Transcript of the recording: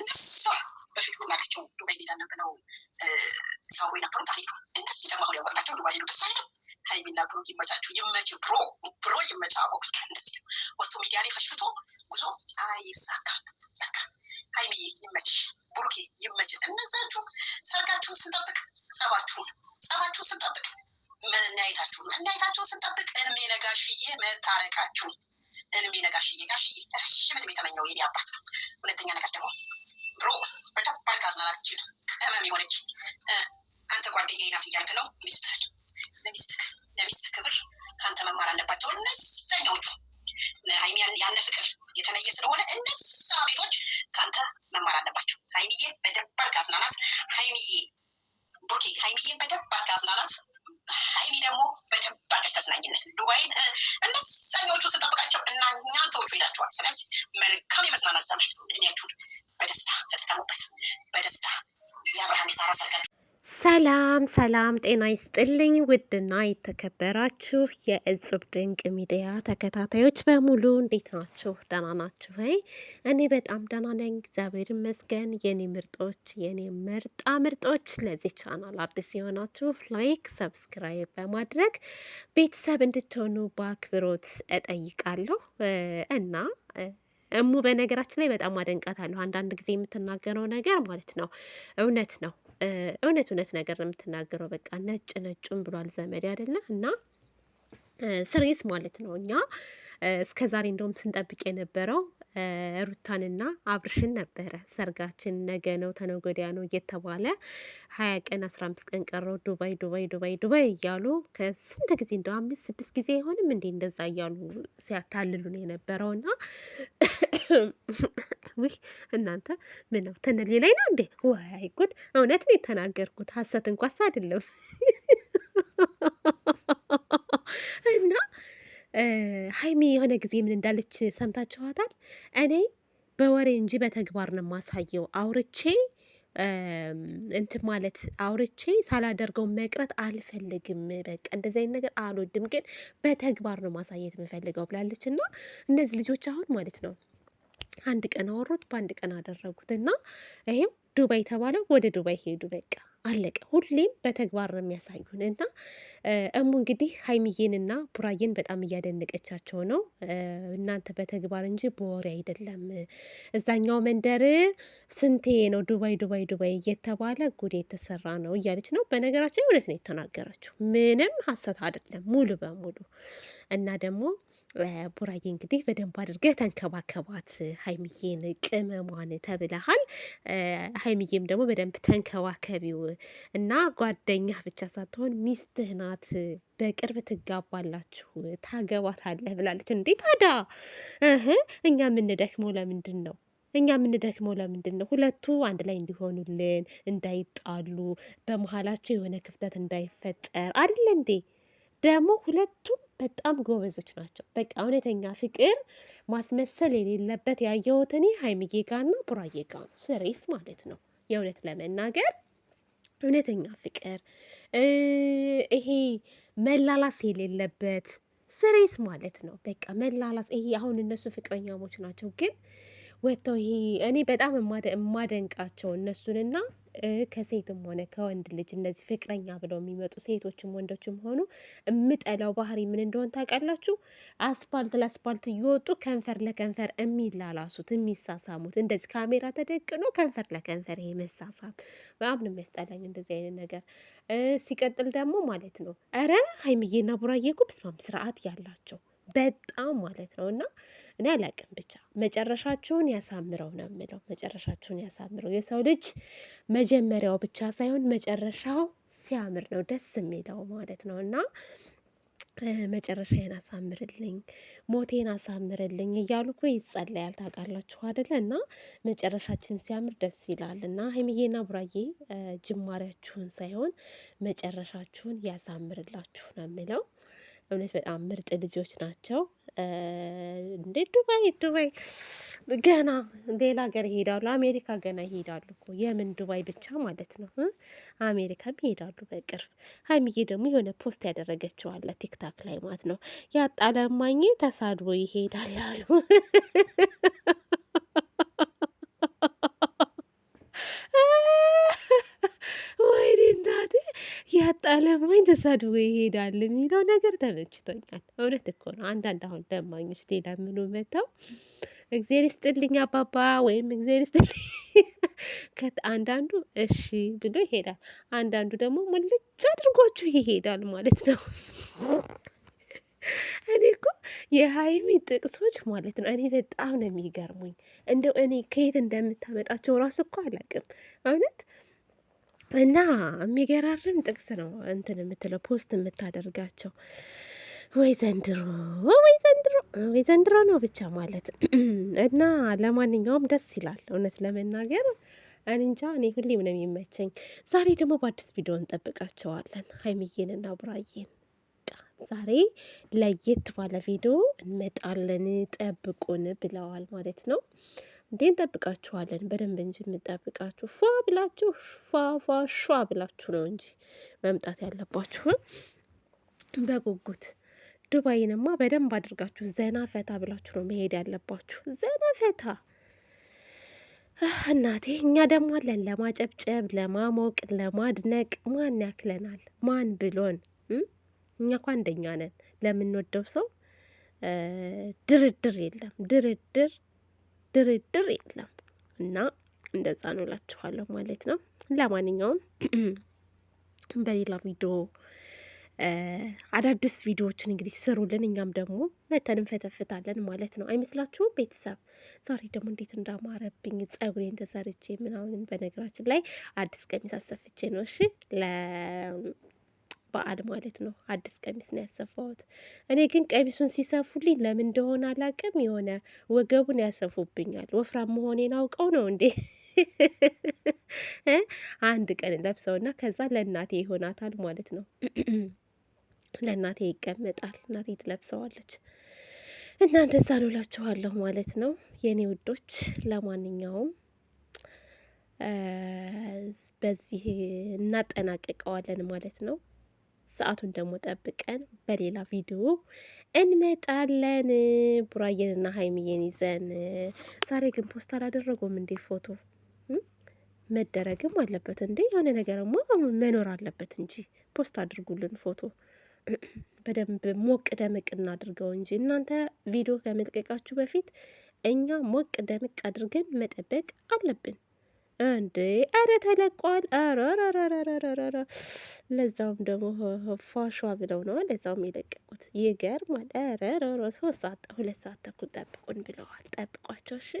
እነሷ በፊት ሁላቸው ዱባይ ሄዳለ ብለው ሰው የነበሩ ማለት ነው። እነሱ ደግሞ አሁን ያወቅናቸው ዱባይ ነው። ደስ አይለም። ሀይሚና ብሮ ይመቻችሁ፣ ይመች ብሮ ብሮ ይመቻ። አቆቅ እንደዚህ ነው ወጥቶ ሚዲያ ላይ ፈሽቶ ጉዞ አይሳካ። ሀይሚ ይመች፣ ብሩኬ ይመች። እነዛችሁ ሰርጋችሁን ስንጠብቅ ጸባችሁን ጸባችሁን ስንጠብቅ መናየታችሁ መናየታችሁን ስንጠብቅ እድሜ ነጋሽዬ መታረቃችሁን እድሜ ነጋሽዬ ጋሽዬ ረሽም እድሜ ተመኘው የኔ አባት። ሁለተኛ ነገር ደግሞ የምትሳ ቤቶች ከአንተ መማር አለባቸው። ሀይሚዬ በደንብ አድርጋ አዝናናት። ሀይሚዬ ቡኪ፣ ሀይሚዬ በደንብ አድርጋ አዝናናት። ሀይሚ ደግሞ በደንብ አድርጋሽ ተዝናኝነት ዱባይን እነሰኞቹ ስጠብቃቸው እና እኛን ተወቹ ሄዳቸዋል። ስለዚህ መልካም የመዝናናት ዘመን እድሜያችሁን በደስታ ተጠቀሙበት። በደስታ የአብርሃም የሳራ ሰርጋችሁ ሰላም ሰላም፣ ጤና ይስጥልኝ ውድና የተከበራችሁ የእጽብ ድንቅ ሚዲያ ተከታታዮች በሙሉ እንዴት ናችሁ? ደህና ናችሁ ወይ? እኔ በጣም ደህና ነኝ፣ እግዚአብሔር ይመስገን። የኔ ምርጦች፣ የኔ ምርጣ ምርጦች፣ ለዚህ ቻናል አዲስ የሆናችሁ ላይክ፣ ሰብስክራይብ በማድረግ ቤተሰብ እንድትሆኑ በአክብሮት እጠይቃለሁ እና እሙ በነገራችን ላይ በጣም አደንቃታለሁ። አንዳንድ ጊዜ የምትናገረው ነገር ማለት ነው እውነት ነው እውነት እውነት ነገር ነው የምትናገረው። በቃ ነጭ ነጩን ብሏል ዘመድ አይደለ እና ስሬስ ማለት ነው እኛ እስከዛሬ እንደውም ስንጠብቅ የነበረው ሩታንና አብርሽን ነበረ ሰርጋችን ነገ ነው ተነጎዲያ ነው እየተባለ ሀያ ቀን አስራ አምስት ቀን ቀረው ዱባይ ዱባይ ዱባይ ዱባይ እያሉ ከስንት ጊዜ እንደ አምስት ስድስት ጊዜ አይሆንም እንዴ እንደዛ እያሉ ሲያታልሉ ነው የነበረው። ና ውይ እናንተ ምን ነው ተነሌ ላይ ነው እንዴ? ወይ ጉድ! እውነት ነው የተናገርኩት፣ ሀሰት እንኳስ አይደለም እና ሀይሚ የሆነ ጊዜ ምን እንዳለች ሰምታችኋታል። እኔ በወሬ እንጂ በተግባር ነው የማሳየው አውርቼ እንትን ማለት አውርቼ ሳላደርገው መቅረት አልፈልግም። በቃ እንደዚህ አይነት ነገር አልወድም፣ ግን በተግባር ነው ማሳየት የምፈልገው ብላለች። እና እነዚህ ልጆች አሁን ማለት ነው አንድ ቀን አወሩት፣ በአንድ ቀን አደረጉት እና ይሄም ዱባይ ተባለው ወደ ዱባይ ሄዱ በቃ አለቀ። ሁሌም በተግባር ነው የሚያሳዩን እና እሙ እንግዲህ ሀይሚዬንና ቡራዬን በጣም እያደነቀቻቸው ነው። እናንተ በተግባር እንጂ በወሬ አይደለም። እዛኛው መንደር ስንቴ ነው ዱባይ ዱባይ ዱባይ እየተባለ ጉዴ የተሰራ ነው እያለች ነው። በነገራችን እውነት ነው የተናገረችው። ምንም ሀሰት አይደለም ሙሉ በሙሉ እና ደግሞ ቡራዬ እንግዲህ በደንብ አድርገህ ተንከባከባት ሀይሚዬን ቅመሟን ተብለሃል። ሀይሚዬም ደግሞ በደንብ ተንከባከቢው እና ጓደኛህ ብቻ ሳትሆን ሚስትህ ናት። በቅርብ ትጋባላችሁ፣ ታገባታለህ ብላለች። እንዴ ታዳ እኛ የምንደክመው ለምንድን ነው? እኛ የምንደክመው ለምንድን ነው? ሁለቱ አንድ ላይ እንዲሆኑልን፣ እንዳይጣሉ፣ በመሀላቸው የሆነ ክፍተት እንዳይፈጠር አይደለ እንዴ? ደግሞ ሁለቱም በጣም ጎበዞች ናቸው። በቃ እውነተኛ ፍቅር ማስመሰል የሌለበት ያየሁት እኔ ሀይሚዬ ጋርና ቡራዬ ጋ ነው። ስሬስ ማለት ነው የእውነት ለመናገር እውነተኛ ፍቅር ይሄ መላላስ የሌለበት ስሬስ ማለት ነው። በቃ መላላስ ይሄ አሁን እነሱ ፍቅረኛሞች ናቸው ግን ወጥተው ይሄ እኔ በጣም የማደንቃቸው እነሱንና ከሴትም ሆነ ከወንድ ልጅ እነዚህ ፍቅረኛ ብለው የሚመጡ ሴቶችም ወንዶችም ሆኑ የምጠላው ባህሪ ምን እንደሆን ታውቃላችሁ? አስፋልት ለአስፋልት እየወጡ ከንፈር ለከንፈር የሚላላሱት የሚሳሳሙት፣ እንደዚህ ካሜራ ተደቅኖ ከንፈር ለከንፈር ይሄ መሳሳት በጣም ነው የሚያስጠላኝ፣ እንደዚህ አይነት ነገር። ሲቀጥል ደግሞ ማለት ነው ኧረ ሀይምዬና ቡራዬ እኮ በስመ አብ ስርዓት ያላቸው በጣም ማለት ነው። እና እኔ አላቅም ብቻ መጨረሻችሁን ያሳምረው ነው የምለው። መጨረሻችሁን ያሳምረው። የሰው ልጅ መጀመሪያው ብቻ ሳይሆን መጨረሻው ሲያምር ነው ደስ የሚለው ማለት ነው እና መጨረሻዬን አሳምርልኝ፣ ሞቴን አሳምርልኝ እያሉ እኮ ይጸለያል። ታውቃላችሁ አደለ? እና መጨረሻችን ሲያምር ደስ ይላል። እና ሀይሚዬና ቡራዬ ጅማሬያችሁን ሳይሆን መጨረሻችሁን ያሳምርላችሁ ነው የምለው። እውነት በጣም ምርጥ ልጆች ናቸው። እንደ ዱባይ ዱባይ ገና ሌላ ሀገር ይሄዳሉ። አሜሪካ ገና ይሄዳሉ እኮ የምን ዱባይ ብቻ ማለት ነው። አሜሪካም ይሄዳሉ በቅርብ። ሀይሚዬ ደግሞ የሆነ ፖስት ያደረገችው አለ ቲክታክ ላይ ማለት ነው። ያጣለማኝ ተሳድቦ ይሄዳል አሉ። ያጣለ ማኝ ተሳድቦ ይሄዳል የሚለው ነገር ተመችቶኛል። እውነት እኮ ነው። አንዳንድ አሁን ደማኞች ሌላ ምኑ መተው እግዜር ስጥልኝ አባባ ወይም እግዜር ይስጥልኝ አንዳንዱ እሺ ብሎ ይሄዳል። አንዳንዱ ደግሞ ሙልጭ አድርጓችሁ ይሄዳል ማለት ነው። እኔ እኮ የሀይሚ ጥቅሶች ማለት ነው እኔ በጣም ነው የሚገርሙኝ። እንደው እኔ ከየት እንደምታመጣቸው ራሱ እኮ አላውቅም እውነት እና የሚገራርም ጥቅስ ነው እንትን የምትለው ፖስት የምታደርጋቸው። ወይ ዘንድሮ ወይ ዘንድሮ ወይ ዘንድሮ ነው ብቻ ማለት እና ለማንኛውም ደስ ይላል እውነት ለመናገር እንጃ እኔ ሁሌም ነው የሚመቸኝ። ዛሬ ደግሞ በአዲስ ቪዲዮ እንጠብቃቸዋለን ሀይሚዬንና ቡራዬን። ዛሬ ለየት ባለ ቪዲዮ እንመጣለን፣ ጠብቁን ብለዋል ማለት ነው። እንዴ እንጠብቃችኋለን። በደንብ እንጂ የምንጠብቃችሁ ፏ ብላችሁ ፏፏ ሿ ብላችሁ ነው እንጂ መምጣት ያለባችሁን በጉጉት ዱባይንማ በደንብ አድርጋችሁ ዘና ፈታ ብላችሁ ነው መሄድ ያለባችሁ። ዘና ፈታ እናቴ። እኛ ደግሞ አለን ለማጨብጨብ፣ ለማሞቅ፣ ለማድነቅ። ማን ያክለናል? ማን ብሎን? እኛ እኮ አንደኛ ነን። ለምንወደው ሰው ድርድር የለም ድርድር ድርድር የለም እና እንደዛ ነው እላችኋለሁ ማለት ነው። ለማንኛውም በሌላ ቪዲዮ አዳዲስ ቪዲዮዎችን እንግዲህ ስሩልን፣ እኛም ደግሞ መተን እንፈተፍታለን ማለት ነው። አይመስላችሁም ቤተሰብ? ዛሬ ደግሞ እንዴት እንዳማረብኝ ጸጉሬን ተሰርቼ ምናምን። በነገራችን ላይ አዲስ ቀሚስ አሰፍቼ ነው እሺ በዓል ማለት ነው። አዲስ ቀሚስ ነው ያሰፋሁት። እኔ ግን ቀሚሱን ሲሰፉልኝ ለምን እንደሆነ አላቅም፣ የሆነ ወገቡን ያሰፉብኛል። ወፍራም መሆኔን አውቀው ነው እንዴ? አንድ ቀን ለብሰውና ከዛ ለእናቴ ይሆናታል ማለት ነው። ለእናቴ ይቀመጣል፣ እናቴ ትለብሰዋለች። እና እንደዛ ነው እላችኋለሁ ማለት ነው የእኔ ውዶች። ለማንኛውም በዚህ እናጠናቅቀዋለን ማለት ነው። ሰዓቱን ደግሞ ጠብቀን በሌላ ቪዲዮ እንመጣለን። ቡራየንና ሀይሚዬን ይዘን ዛሬ ግን ፖስት አላደረጉም እንዴ? ፎቶ መደረግም አለበት እንዴ? የሆነ ነገርማ መኖር አለበት እንጂ ፖስት አድርጉልን ፎቶ በደንብ ሞቅ ደምቅ እናድርገው እንጂ እናንተ ቪዲዮ ከመልቀቃችሁ በፊት እኛ ሞቅ ደምቅ አድርገን መጠበቅ አለብን። እንዴ አረ ተለቋል። አረረረረረረረ ለዛውም ደግሞ ፏሿ ብለው ነው ለዛውም የለቀቁት ይገርማል። አረረረ ሶስት ሰዓት ሁለት ሰዓት ተኩል ጠብቁን ብለዋል። ጠብቋቸው እሺ።